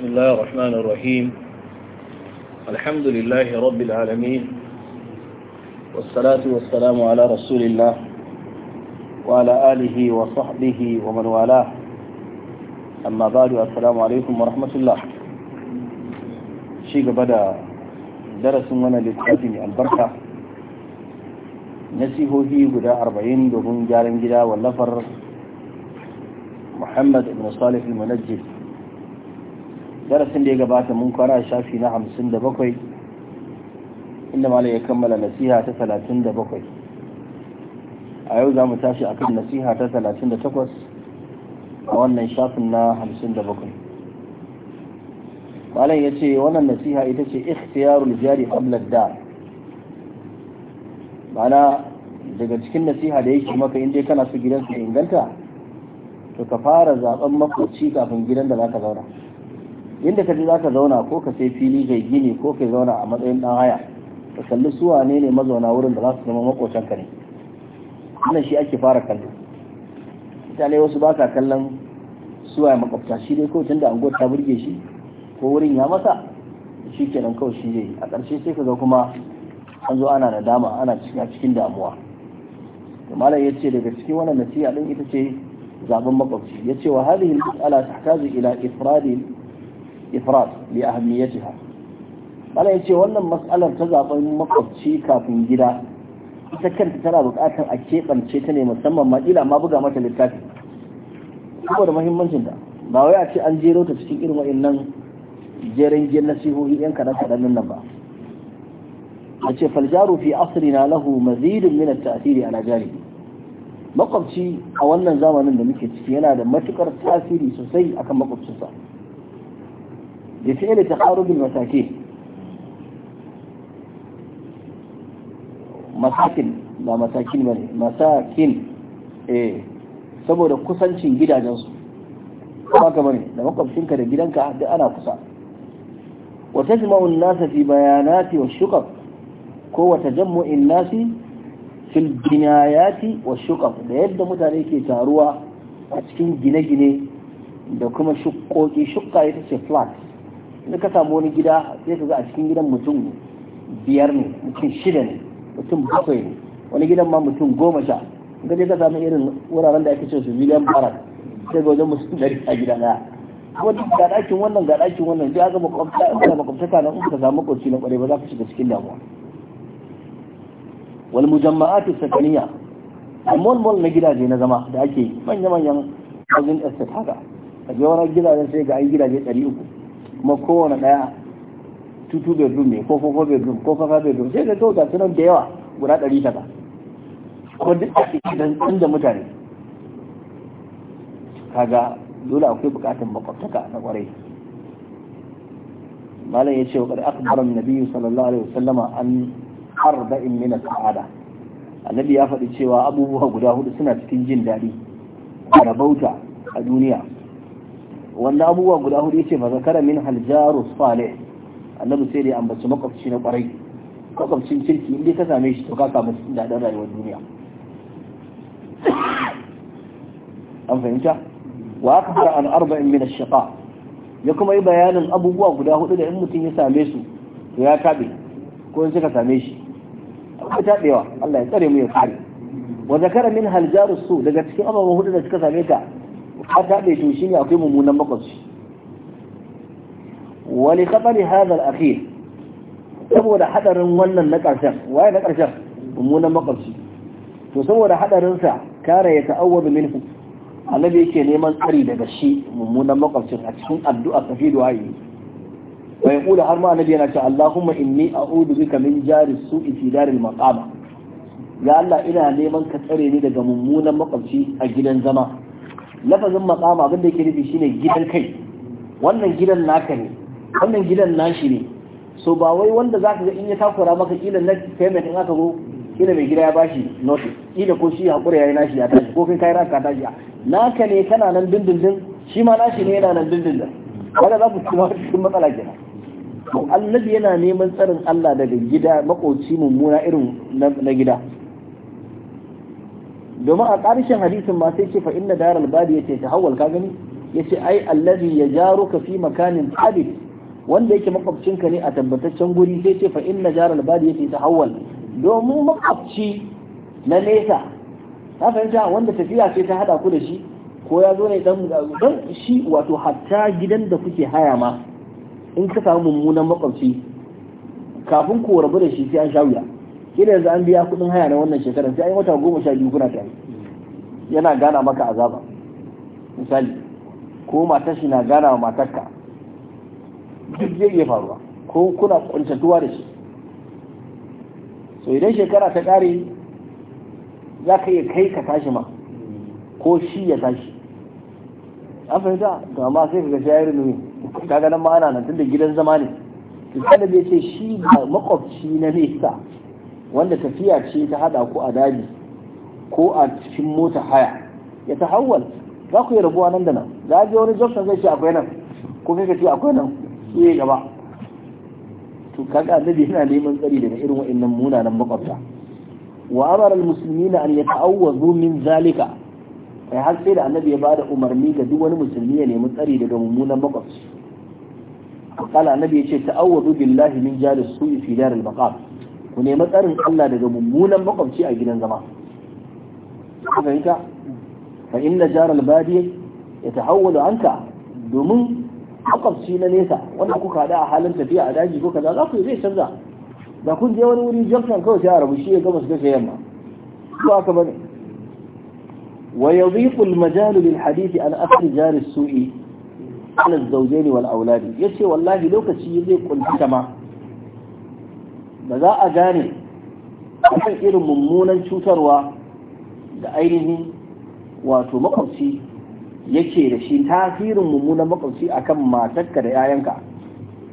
بسم الله الرحمن الرحيم الحمد لله رب العالمين والصلاة والسلام على رسول الله وعلى آله وصحبه ومن والاه أما بعد السلام عليكم ورحمة الله شيء بدأ درس من للكاتب البركة هي بدأ أربعين دون جار جدا واللفر محمد بن صالح المنجد darasin da ya gabata mun kwara shafi na hamsin da bakwai inda malam ya kammala nasiha ta talatin da bakwai a yau za mu tashi a kan nasiha ta talatin da takwas a wannan shafin na hamsin da bakwai malam ya ce wannan nasiha ita ce ikhtiyarul jari qablad da ma'ana daga cikin nasiha da yake maka in dai kana so gidan su inganta to ka fara zaben makoci kafin gidan da zaka zauna yadda ka ji za ka zauna ko ka sai fili kai gini ko ka zauna a matsayin dan haya ka kalli su wane ne mazauna wurin da za su zama ka ne wannan shi ake fara kallo mutane wasu ba ka kallon suwaye makwabta shi dai kawai tunda anguwar ta burge shi ko wurin ya masa shi kenan kawai shi zai a ƙarshe sai ka ga kuma an zo ana nadama ana cikin damuwa to malam yace daga cikin wannan nasiha din ita ce zaben makwabci ce wa hadhihi al-mas'ala tahtaju ila ifradin ifrat li ahamiyatiha bala yace wannan mas'alar ta zaben makwabci kafin gida ita kanta tana buƙatar a keɓance ta ne musamman ma ila ma buga mata littafi saboda muhimmancin ta ba wai a ce an jero ta cikin irin wa'annan jeren gen nasihohi yan kaɗan kaɗan nan ba a ce faljaru fi asrina lahu mazidun min at-ta'thiri ala jari makwabci a wannan zamanin da muke ciki yana da matukar tasiri sosai akan makwabcinsa بفعل تقارب المساكين masakin ba masakin saboda kusancin gidajensu kuma ka da makwabcinka da gidanka da ana kusa wata tajma'u an-nasa fi bayanati wa shuqaq ko wa tajammu'u nasi fil binayati wa shuqaq da yadda mutane ke taruwa a cikin gine-gine da kuma shukoki shukka ita ce flak. da ka samu wani gida sai ka ga a cikin gidan mutum biyar ne mutum shida ne mutum bakwai ne wani gidan ma mutum goma sha ka je ka samu irin wuraren da ake ce su miliyan barak sai ga wajen mutum dari a gida ɗaya kuma duk ga ɗakin wannan ga ɗakin wannan sai aka makwabta in ka makwabtaka nan in ka samu makwabci na ƙwarai ba za ka shiga cikin damuwa wal mujamma'atu sakaniya mol mol na gidaje na zama da ake manya-manyan wajen estate haka a wani gidajen sai ga an gidaje ɗari uku kuma kowane daya tutu bedroom ne ko fofo bedroom ko fafa bedroom sai da kawo gasu nan da yawa guda ɗari tara ko duk a cikin dan da mutane kaga dole akwai bukatun makwabtaka na kwarai malam ya ce wa kada akbar annabi sallallahu alaihi wasallama an arba'in min sa'ada annabi ya faɗi cewa abubuwa guda hudu suna cikin jin daɗi a rabauta a duniya wannan abubuwa guda hudu yace ba zakara min haljaru salih annabi sai dai ambaci makwabci na kwarai makwabcin kirki in dai ka same shi to ka samu daɗin rayuwar duniya an fahimta wa aka fara an arba'in min ash-shiqa ya kuma yi bayanin abubuwa guda hudu da in mutum ya same su to ya tabe ko in suka same shi akwai tabewa Allah ya tsare mu ya kare wa zakara min haljaru su daga cikin abubuwa hudu da suka same ka ka taɓe to ne akwai mummunan makwabci wani kafari a akhir saboda hadarin wannan na ƙarshen waye na ƙarshen mummunan makwabci to saboda hadarinsa kare ya ta'awwadu minhu annabi yake neman tsari daga shi mummunan makwabci a cikin addu'a tafi da du'a'i wa yaqulu har ma annabi yana cewa Allahumma inni a'udhu bika min jari su'i fi daril maqama ya Allah ina neman ka tsare ni daga mummunan makwabci a gidan zama lafazin makama abin da yake nufi shine gidan kai wannan gidan naka ne wannan gidan nashi ne so ba wai wanda zaka ga in ya takura maka kila na payment in aka zo kila mai gida ya bashi notice kila ko shi ya yayi nashi ya tashi ko kai kai ranka jiya naka ne kana nan dindindin shi ma nashi ne yana nan dindindin kaga za ku kuma cikin matsala kenan to annabi yana neman tsarin Allah daga gida makoci mummuna irin na gida domin a ƙarshen hadisin ma sai ce fa inna daral badi yace ta hawwal ka gani yace ai allazi yajaruka fi makanin thabit wanda yake makwabcinka ne a tabbataccen guri sai ce fa inna daral badi yace ta hawwal domin makwabci na nesa ta fahimta wanda tafiya sai ta hada ku da shi ko ya zo ne dan dan shi wato hatta gidan da kuke haya ma in ka samu mummunan makwabci kafin ku rabu da shi sai an sha wuya Kina yanzu an biya kuɗin haya na wannan shekarar sai an yi wata goma sha biyu kuna tare yana gana maka azaba misali ko matar shi na gana wa matarka duk zai iya faruwa ko kuna kuntatuwa da shi so idan shekara ta kare za ka iya kai ka tashi ma ko shi ya tashi an fahimta to amma sai ka ga shayar nuni ka ga nan ma ana nan da gidan zama ne to da bai ce shi makwabci na nesa wanda tafiya ce ta hada ku a daji ko a cikin mota haya ya tahawwal za ku yi rabuwa nan da nan za a je wani junction zai ce akwai nan ko kai ka ce akwai nan su yi gaba to kaga annabi yana neman tsari daga irin wa'annan munanan makwabta wa amara na an yata'awwazu min zalika kai har sai da annabi ya da umarni ga duk wani musulmi ya nemi tsari daga mummunan makwabci kala annabi ya ce ta'awwazu billahi min jalis su'i fi daril maqam ku nemi tsarin Allah daga mummunan makwabci a gidan zama kuka yi ta fa inna jaral badi ya tahawwalu anka domin makwabci na nesa wanda kuka hada a halin tafiya a daji ko kaza za ku zai canza da kun je wani wuri junction kawai sai a rabu shi ya gama su kashe yamma ko haka bane wa yadhiqu al-majal lil hadith an asr jar as-su'i ala az-zawjayn wal awlad yace wallahi lokaci zai kunta ma da za a gane kan irin mummunan cutarwa da ainihin wato makwabci yake da shi tasirin mummunan makwabci akan matarka da 'ya'yanka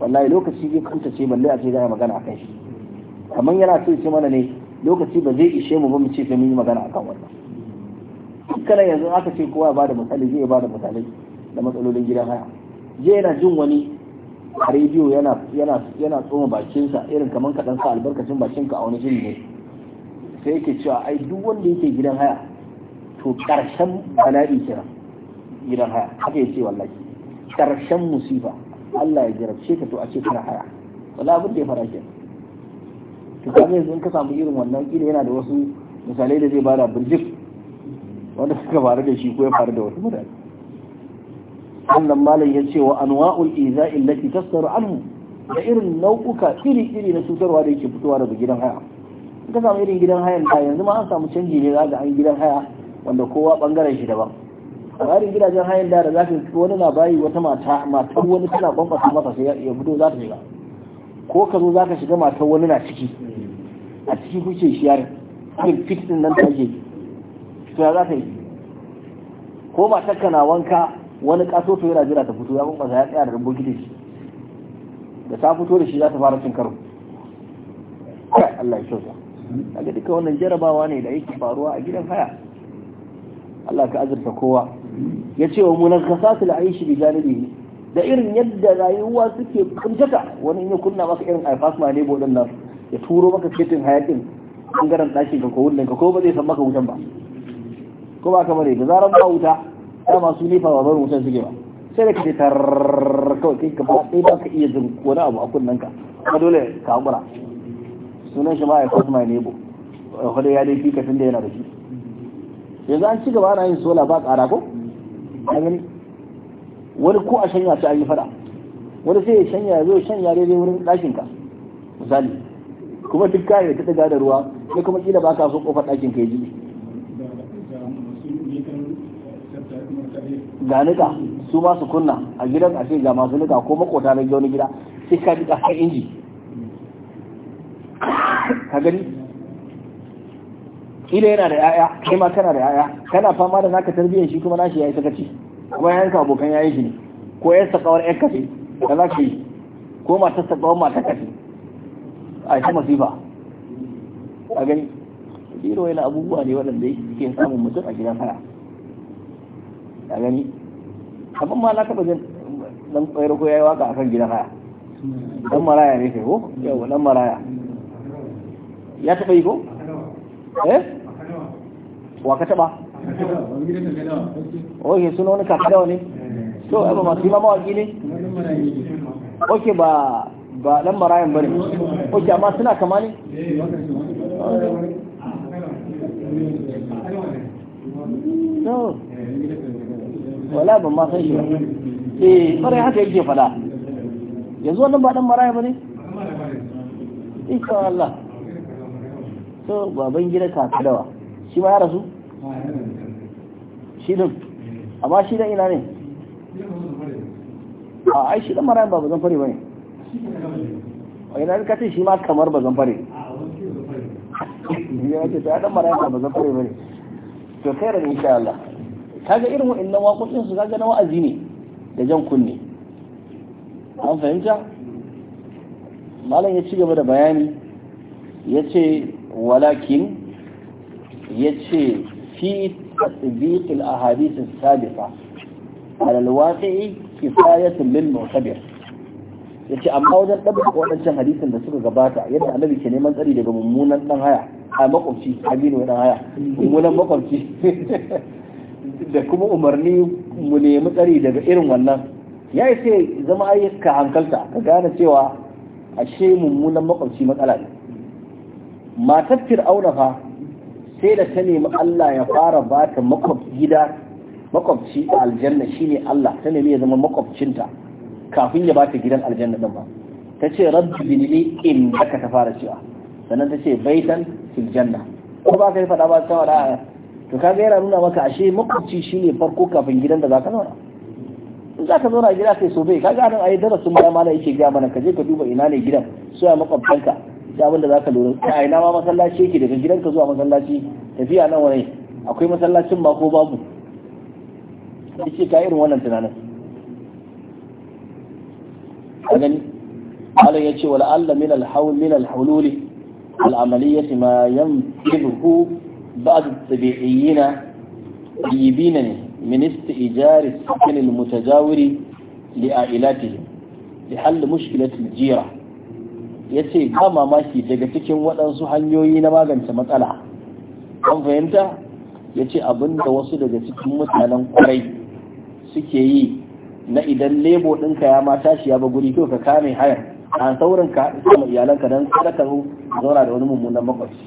wallahi lokaci zai kanta ce balle a ce za a magana shi kamar yana so ce mana ne lokaci ba zai ishe mu ba mu ce ka mun yi magana kan wannan dukkanin yanzu aka ce kowa ba da misali zai ba da misalai da matsalolin gidan haya je yana jin wani a rediyo yana yana yana tsoma bakinsa irin kamar ka sa albarkacin bakinka a wani jini ne sai yake cewa ai duk wanda yake gidan haya to karshen bala'i kira gidan haya haka yace wallahi karshen musifa Allah ya jarabce ka to a ce kana haya wala abin da ya fara ke to kaga yanzu in ka samu irin wannan kila yana da wasu misalai da zai bada birjik wanda suka faru da shi ko ya faru da wasu mutane wannan malam ya ce wa anwa'ul iza'i lati tasaru anhu da irin nau'uka iri-iri na cutarwa da yake fitowa daga gidan haya in ka samu irin gidan hayan da yanzu ma an samu canji ne za an gidan haya wanda kowa bangaren shi daban tsarin gidajen hayan da da za ka wani na bayi wata mata matar wani tana bambata masa sai ya fito za ta shiga ko ka zo za ka shiga matar wani na ciki a ciki kuke shiyar irin fit nan ta ke to ya za ka yi ko matar ka na wanka wani kaso to yana jira ta fito ya bunkasa ya tsaya da rumbo gidi da ta fito da shi za ta fara cin karo kai Allah ya kyauta ga duka wannan jarabawa ne da yake faruwa a gidan haya Allah ka azurta kowa ya ce wa da aishi bi janibi da irin yadda rayuwa suke kuntata wani in ya kunna maka irin alfas ma ne bodin nan ya turo maka cikin hayakin bangaren ɗakin ka ko wannan ka ko ba zai san maka wutan ba ko ba kamar da zaran ba wuta dama su nefa ba bar wutar suke ba sai da kace tar kawai kai ka ba sai ba ka iya jin wani abu a kunnen ka kuma dole ka hakura sunan shi ma ya kwasu mai nebo hudu ya dai fika ka da yana da shi yanzu an ci gaba ana yin sola ba kara ko wani ko a shanya ta an yi fada wani sai ya shanya ya zo shanya daidai wurin ɗakin ka misali kuma duk kayan ta daga da ruwa sai kuma kila ba ka so kofar ɗakin ka ya ji ga nika su masu su kunna a gidan ashe ga masu nika ko makota na wani gida sai ka nika ƙasar inji ka gani ila yana da yaya kai ma kana da yaya kana fama da naka tarbiyyar shi kuma nashi yayi sakaci kuma yayin ka abokan yayi shi ne ko yayin sa kawar yan kafe da za ka yi ko matar sa kawar matar kafe a ita masifa a gani biro yana abubuwa ne waɗanda yake samun mutum a gidan haya a gani abin ma na taɓa jin dan tsayar ko yayi waka akan gidan haya dan maraya ne kai ko yau dan maraya ya taɓa yi ko eh wa ka taɓa oke suna wani kakadawa ne to yaba masu ma mawaki ne oke ba ba dan marayan bane oke amma suna kama ne wala ban ma san shi ba eh bare haka yake fada yanzu wannan ba dan maraya bane insha Allah to baban gida kaka dawa shi ma ya rasu shi din amma shi dan ina ne a ai shi dan maraya ba bazan fare bane a na ka ce shi ma kamar bazan fare ya ce ta dan maraya ba bazan fare bane to khairan insha Allah kaga irin wa'annan waƙoƙin su kaga na wa'azi ne da jan kunne an fahimta malam ya ci gaba da bayani ya ce walakin ya ce fi tasbiq al ahadith as sabiqa ala al waqi'i kifayatun lil mu'tabir yace amma wajen dabbaka wadancan hadisin da suka gabata yadda annabi ke neman tsari daga mummunan dan haya a makwabci aminu wani haya mummunan makwabci da kuma umarni mu nemi tsari daga irin wannan ya yi sai zama ayyuka hankalta ka gane cewa ashe mummunan makwabci matsala ne matar fir'auna fa sai da ta nemi Allah ya fara ba ta gida makwabci a aljanna shine Allah ta nemi ya zama makwabcinta kafin ya ba ta gidan aljanna din ba ta ce rabbi ni in ta fara cewa sannan ta ce baitan fil janna ko ba ka yi fada ba ta wada to ka ga yana nuna maka ashe makwabci shine farko kafin gidan da zaka zauna in zaka zauna gida kai so ka kaga nan ayi darasin ma mala yake ga mana ka je ka duba ina ne gidan so ya makwabtanka da abin da zaka lura a ina ma masallaci yake daga gidan ka zuwa masallaci tafiya nan wani akwai masallacin ma ko babu ce ka irin wannan tunanin a gani ya ce wala'alla Allah min al min العملية ما ينفذه بعض الطبيعيين طيبين من استئجار السكن المتجاور لعائلاتهم لحل مشكلة الجيرة yace ba mamaki daga cikin waɗansu hanyoyi na magance matsala an fahimta ya ce abinda wasu daga cikin mutanen kwarai suke yi na idan lebo ɗinka ya ma tashi ya ba guri to ka kame hayar a saurin ka haɗu sama iyalanka don kada ka a zauna da wani mummunan makwabci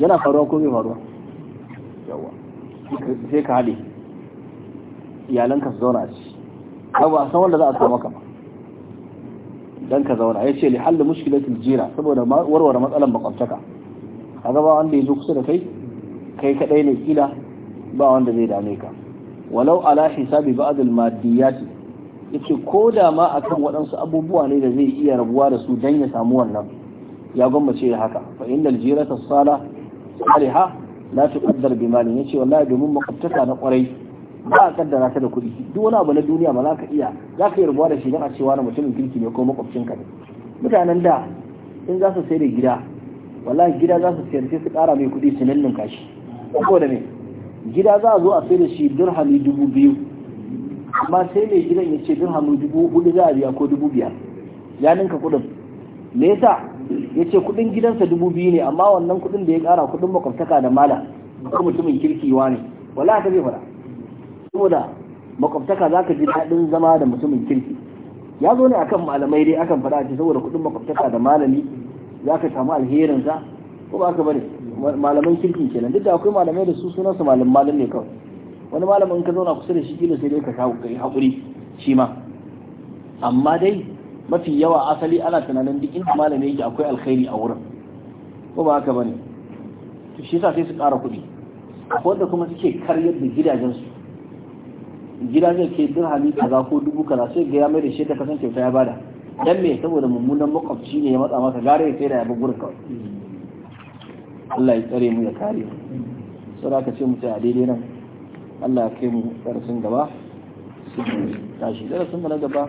yana faruwa ko bai faruwa yawa sai ka hali iyalanka su zauna ce. abu a san wanda za a samu maka dan ka zauna ya ce li hallu mushkilatul jira saboda warware matsalan makwabtaka a gaba wanda ya zo kusa da kai kai kadai ne kila ba wanda zai dame ka walau ala hisabi ba'd al Ya yace ko da ma akan waɗansu abubuwa ne da zai iya rabuwa da su dan ya samu wannan ya gwammace ya haka fa innal jirata sala salihah la tuqaddar bi ce yace wallahi domin makwabtaka na kwarai ba a kaddara ta da kuɗi duk wani abu na duniya ba za ka iya za ka yi rubuwa da shi don a cewa na mutumin kirki ne ko makwabcinka ne mutanen da in za su sai da gida wallahi gida za su sayar sai su kara mai kuɗi su kashi. ko da me gida za a zo a sai da shi dirhami dubu biyu amma sai mai gidan ya ce dirhami dubu hudu za a biya ko dubu biyar ya ninka kuɗin me yasa ya ce kudin gidansa dubu biyu ne amma wannan kudin da ya kara kudin makwabtaka da mala ko mutumin kirkiwa ne wala ta bai fara saboda makwabtaka za ka ji daɗin zama da mutumin kirki ya zo ne akan malamai dai akan fara ce saboda kudin makwabtaka da malami za ka samu alherinsa ko ba ka bari malaman kirki kenan duk da akwai malamai da su sunan su malam malam ne kawai wani malamin ka zauna kusa da shi kila sai dai ka kawo kai hakuri shi ma amma dai mafi yawa asali ana tunanin duk inda malami yake akwai alkhairi a wurin ko ba haka bane to shi yasa sai su ƙara kuɗi da kuma suke karyar da su gidajen ke dirhami za ko dubu kaza sai ga ya mai da shi ta kasance ta ya bada dan me saboda mummunan makwabci ne ya matsa masa gare ya tsaya ya bi gurin kawai Allah ya tsare mu ya kare mu sai ka ce mu tsaya daidai nan Allah ya kai mu darasin gaba tashi darasin mu na gaba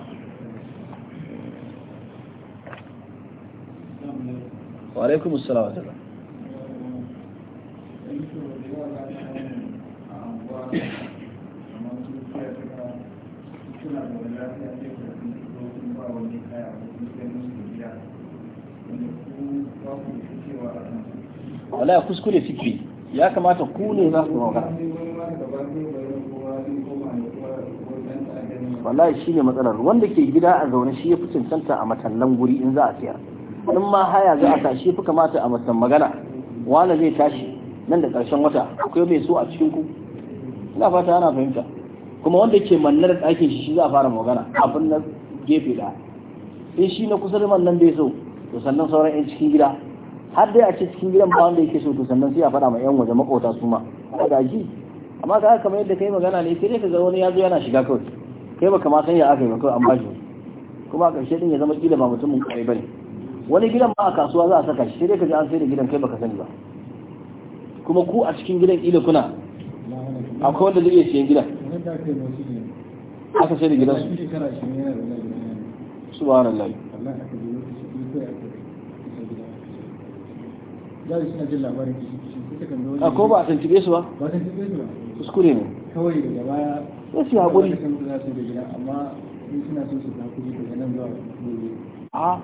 وعليكم السلام assalam wa wala kuskure suke ya kamata ku ne za su magana wala shi ne matsalar wanda ke gida a zaune shi ya fi cancanta a matallan guri in za a siyar in ma haya za a tashi fi kamata a masan magana wani zai tashi nan da ƙarshen wata akwai mai so a cikin ku ina fata ana fahimta kuma wanda ke mannar ɗakin shi shi za a fara magana kafin na gefe da sai shi na kusa da mannan ya so to sannan sauran yan cikin gida har dai a ce cikin gidan ba wanda yake so to sannan sai a faɗa ma yan waje makota su ma da ji amma ka kamar yadda kai magana ne sai dai ka ga wani ya zo yana shiga kawai kai baka ma san ya aka yi ba kawai an shi kuma a ƙarshe din ya zama kila ba mutumin ƙwarai ne. wani gidan ba a kasuwa za a saka shi sai dai ka ji an sai da gidan kai baka sani ba kuma ku a cikin gidan ila kuna akwai wanda zai iya siyan gidan aka sai da gidan su subhanallah a ko ba a tibe su ba kuskure ne kawai da baya ya su haƙuri amma suna so su ta nan zuwa a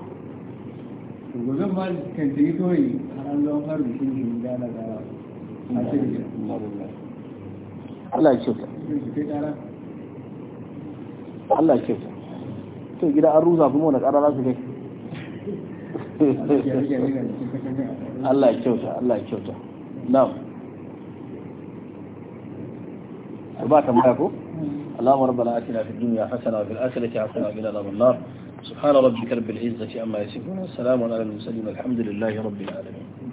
to gobe ma kan ta yi kawai an zama fara bikin shi gana da a Allah ya kyauta Allah ya kyauta to gida an ruza kuma wani ƙara su kai Allah ya kyauta Allah ya kyauta na'am أربعة مراكو اللهم ربنا آتنا في الدنيا حسنة وفي الآخرة حسنة وقنا عذاب سبحان ربك رب العزة عما يصفون السلام على المسلم الحمد لله رب العالمين